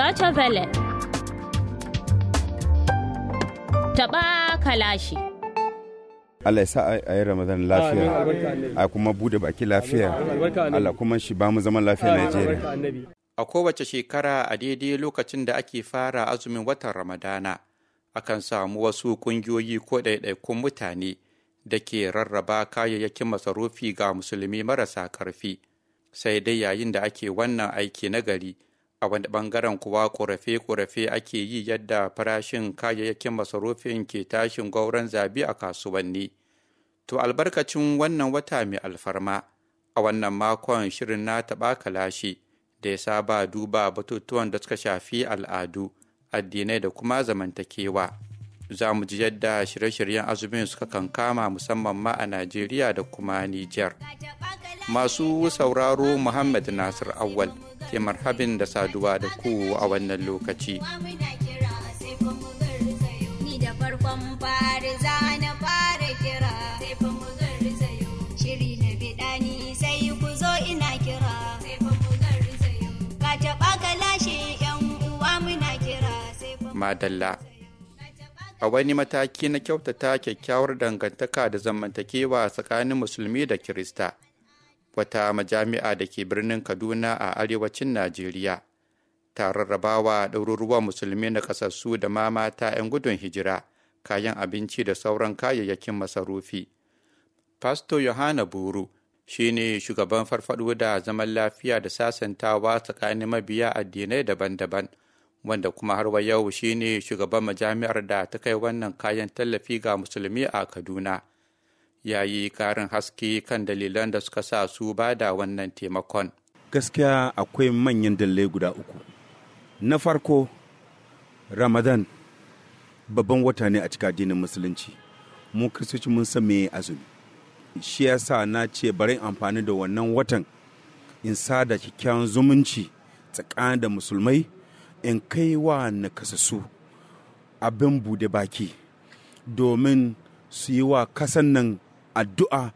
Deutsche Welle. Taɓa kalashi. Allah ya sa a yi Ramadan lafiya, a kuma bude baki lafiya, Allah kuma shi ba mu zaman lafiya Najeriya. A kowace shekara a daidai lokacin da ake fara azumin watan Ramadana, akan samu wasu ƙungiyoyi ko ɗaiɗaikun mutane da ke rarraba kayayyakin masarufi ga musulmi marasa ƙarfi, sai dai yayin da ake wannan aiki na gari. a wani bangaren kuwa korafe-korafe ake yi yadda farashin kayayyakin masarufin ke tashin gwauron zabi a kasuwanni to albarkacin wannan wata mai alfarma a wannan makon shirin na taɓa kalashi da ya saba duba batutuwan da suka shafi al'adu addinai da kuma zamantakewa za mu ji yadda shirye-shiryen azumin suka kankama musamman ma a najeriya da kuma niger masu sauraro muhammad nasir awal ke marhabin da saduwa da ku a wannan lokaci. Madalla. A wani mataki na kyautata kyakkyawar dangantaka da zamantakewa tsakanin musulmi da Kirista. wata majami'a da ke birnin kaduna a arewacin najeriya ta rarrabawa ɗaruruwan musulmi na ƙasassu da ma mata 'yan gudun hijira kayan abinci da sauran kayayyakin masarufi Fasto Yohana Buru shi ne shugaban farfaɗo da zaman lafiya da sasantawa tsakanin mabiya addinai daban-daban, wanda kuma har yau shi ne shugaban majami'ar da ta kai wannan kayan tallafi ga musulmi a Kaduna. ya yi karin haske kan dalilan da suka sa su ba da wannan taimakon. Gaskiya akwai manyan dalilai guda uku. Na farko, Ramadan babban wata ne a cika addinin musulunci. Mu kristoci mun san me azumi. Shi sa na ce bari amfani da wannan watan in sa da kyakkyawan zumunci tsakanin da musulmai in kai wa nakasassu abin bude baki domin su yi wa kasan nan addu'a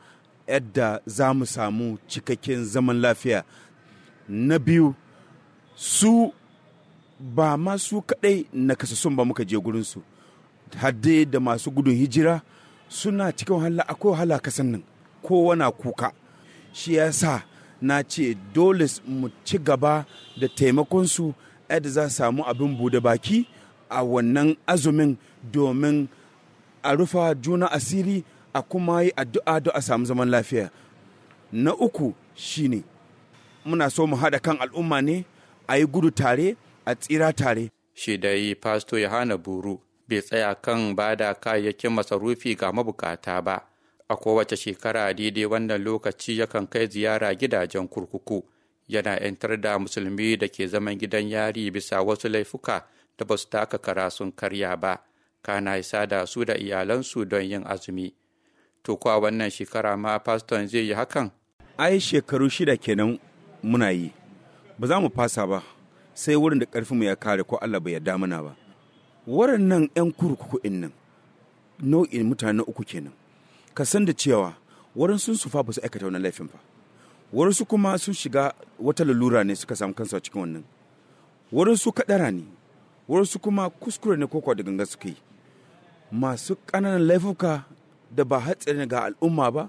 yadda za mu samu cikakken zaman lafiya na biyu su ba masu kaɗai na kasasun ba muka je gurinsu hadde da masu gudun hijira suna cikin wahala akwai wahala kasan nan kowa na kuka shi ya sa na ce dole mu ci gaba da taimakonsu yadda za samu abin bude baki a wannan azumin domin a rufa juna asiri a kuma yi addu'a don a samu zaman lafiya na uku shine muna so mu haɗa kan al'umma ne a yi gudu tare a tsira tare shi da yi fasto hana buru bai tsaya kan ba da kayayyakin masarufi ga mabukata ba a kowace shekara daidai wannan lokaci yakan kai ziyara gidajen kurkuku yana 'yantar da musulmi da ke zaman gidan yari bisa wasu laifuka da ba su taka karasun karya ba kana isa da su da iyalansu don yin azumi to a wannan shekara ma faston zai yi hakan ai shekaru shida kenan muna yi ba za mu fasa ba sai wurin da mu ya kare ko Allah bai yarda mana ba nan 'yan kurkuku nan nau'in mutane uku kenan ka san da cewa wurin sun sufa ba su aikata wannan laifin ba wurin su kuma sun shiga wata lalura ne suka samu kansa cikin wannan wurin su kaɗara ne wurin su kuma kuskure ne koko da ganga yi masu ƙananan laifuka da ba hatsari ga al'umma ba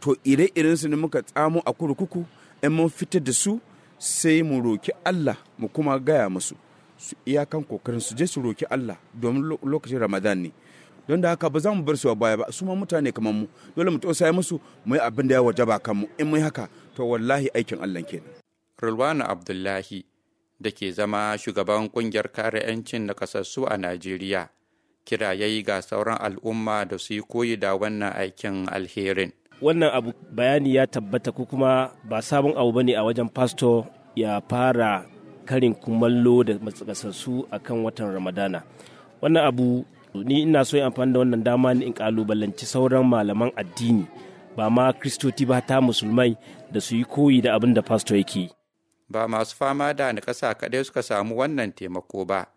to ire su ne muka tsamo a kurkuku in mun fitar da su sai mu roki Allah mu kuma gaya musu su iyakan kokarin su je su roki Allah domin lokacin Ramadan ne don da haka ba za mu bar su a baya ba su ma mutane kamar mu dole mu tausaya musu mu yi abin da ya wajaba kan mu in mun haka to wallahi aikin Allah kenan Rulwana Abdullahi da ke zama shugaban kungiyar kare 'yancin nakasassu a Najeriya kira ya yi ga sauran al'umma da su yi koyi da wannan aikin alherin. Wannan abu bayani ya tabbata ko kuma ba sabon abu bane a wajen pastor ya fara karin kumallo da matsakasassu a kan watan Ramadana. Wannan abu ni ina so amfani da wannan dama ni in kalubalanci sauran malaman addini ba ma kristoti ba ta musulmai da su yi koyi da abin da pastor yake. Ba masu fama da nakasa kaɗai suka samu wannan taimako ba.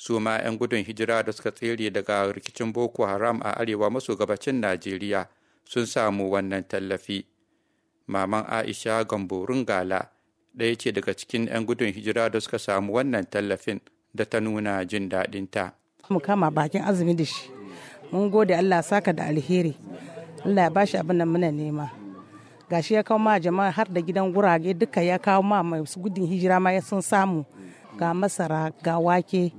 su ma 'yan gudun hijira da suka tsere daga rikicin boko haram a arewa maso gabacin najeriya sun samu wannan tallafi maman aisha gamborun gala ɗaya ce daga cikin 'yan gudun hijira da suka samu wannan tallafin da ta nuna jin daɗinta. mu kama bakin azumi da shi mun gode allah saka da alheri allah ya bashi abin da muna nema gashi ya kawo ma jama'a har da gidan gurage duka ya kawo ma mai gudun hijira ma ya sun samu ga masara ga wake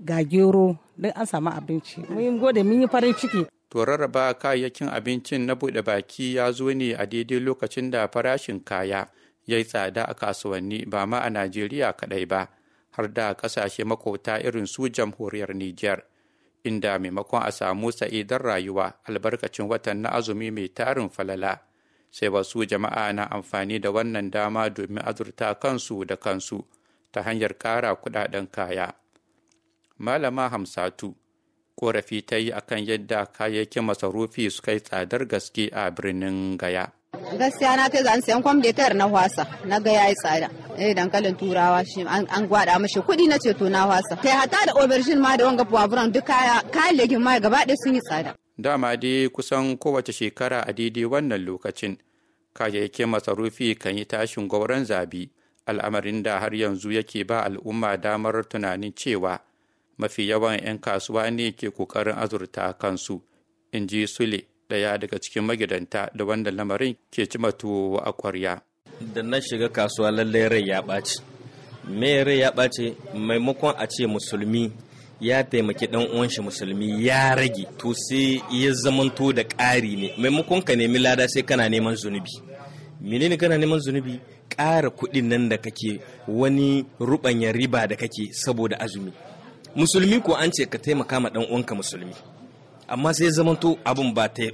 ga gero don an samu abinci mun gode mun yi farin ciki to rarraba kayayyakin abincin na buɗe baki ya zo ne a daidai lokacin da farashin kaya ya yi tsada a kasuwanni ba ma a najeriya kaɗai ba har da ƙasashe makota irin su jamhuriyar niger inda maimakon a samu sa'idar rayuwa albarkacin watan na azumi mai tarin falala sai wasu jama'a na amfani da wannan dama domin azurta kansu da kansu ta hanyar ƙara kuɗaɗen kaya malama hamsatu korafi ta yi akan yadda kayayyakin masarufi suka yi tsadar gaske a birnin gaya gaskiya na ta zan sayan kwamdetar na wasa na ga yayi tsada eh dankalin turawa shi an gwada mashi kuɗi na ceto na wasa kai hata da aubergine ma da wanga puwavuran duk kaya kayayyakin ma gaba ɗaya sun yi tsada dama dai kusan kowace shekara a daidai wannan lokacin kayayyakin masarufi kan yi tashin gwauran zabi al'amarin da har yanzu yake ba al'umma damar tunanin cewa mafi yawan 'yan kasuwa ne ke kokarin azurta kansu in ji sule ɗaya daga cikin magidanta da wanda lamarin ke ci tuwo a kwarya da na shiga kasuwa lallai rai ya ɓaci me rai ya ɓaci maimakon a ce musulmi ya taimaki ɗan uwan shi musulmi ya rage to sai ya zamanto da ƙari ne maimakon ka nemi lada sai kana neman zunubi menene kana neman zunubi ƙara kuɗin nan da kake wani ruɓanya riba da kake saboda azumi musulmi ko an ce ka taimaka ma dan uwanka musulmi amma sai zamanto abin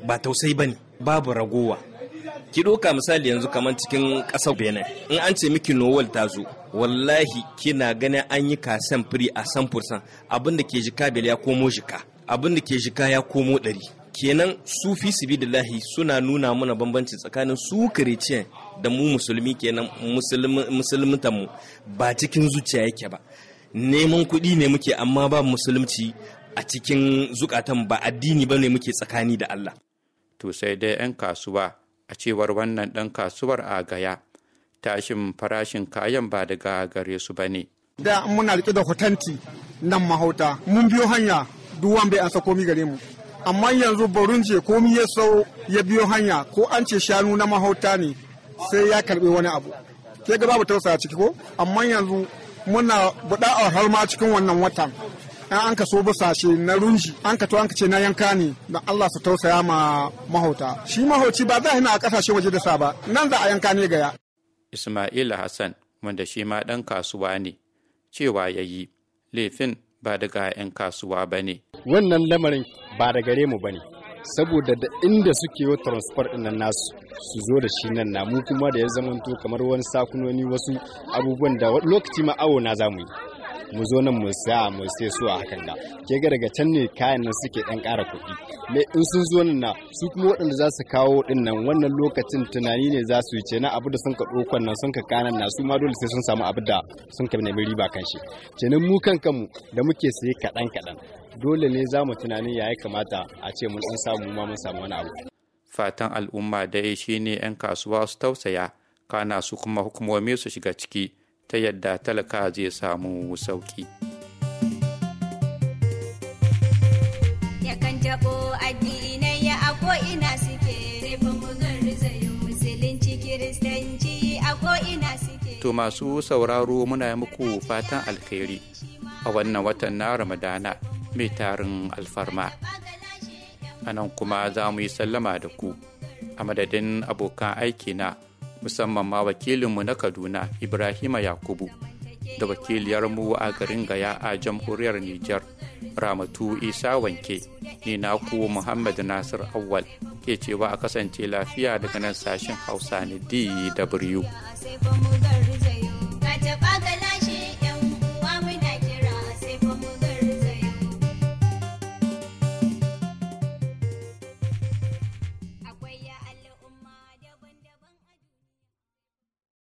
ba tausayi bane babu ragowa ki doka misali yanzu kamar cikin ƙasar bene. in an ce miki nowal ta zo wallahi kina ganin an yi kasan firi a san fursan abin da ke jika bel ya komo jika abin da ke jika ya komo ɗari kenan su sibidillahi suna nuna mana bambanci tsakanin su kiriciyan da mu musulmi kenan mu ba cikin zuciya yake ba neman kuɗi ne muke amma ba musulunci a cikin zukatan ba addini ba ne muke tsakani da Allah. To sai dai 'yan kasuwa a cewar wannan ɗan kasuwar a gaya tashin farashin kayan ba daga gare su ba ne. Da muna riƙe da kwatanti nan mahauta mun biyo hanya duwan bai ansa komi gare mu. Amma yanzu je komi ya sau ya biyo hanya ko an ce shanu na mahauta ne sai ya karɓi wani abu. Ke ga babu tausa a ciki ko? Amma yanzu muna buɗa a harma cikin wannan watan in an ka so shi na runji an ka to an ka na yanka ne dan Allah su tausaya ma mahauta shi mahauci ba za a yana a kasashen waje da sa ba nan za a yanka ne gaya Isma'il Hassan wanda shi ma ɗan kasuwa ne cewa ya yi laifin ba daga 'yan kasuwa ba ne wannan lamarin ba da gare mu ba ne saboda da inda suke yi transport ɗin nan nasu su zo da shi nan na mu kuma da ya zamanto kamar wani sakunoni wasu abubuwan da lokaci ma awo na zamu yi mu zo nan mu sa mu sai su a hakan da ke ga daga can ne kayan nan suke dan ƙara kuɗi me in sun zo nan na su kuma waɗanda za su kawo din nan wannan lokacin tunani ne za su yi ce na abu da sun ka ɗaukan nan sun ka kanan na su ma dole sai sun samu abu da sun ka nemi riba kan shi kenan mu kan kanmu da muke sai kaɗan kaɗan dole ne za mu tunanin ya yi kamata a ce mun ɗan samu ma mun samu wani abu. Fatan al'umma dai ne 'yan kasuwa su tausaya, kana su kuma hukumomi su shiga ciki ta yadda talaka zai samu sauki. addinai musulunci kiristanci a To masu sauraro muna muku fatan alkhairi a wannan watan na Ramadana mai tarin alfarma a nan kuma za mu yi sallama da ku a madadin abokan aiki na musamman ma wakilinmu na kaduna ibrahima yakubu da wakiliyarmu a garin gaya a jamhuriyar nijar ramatu isa wanke ne naku muhammad nasir awal ke cewa a kasance lafiya daga nan sashen hausa ne dw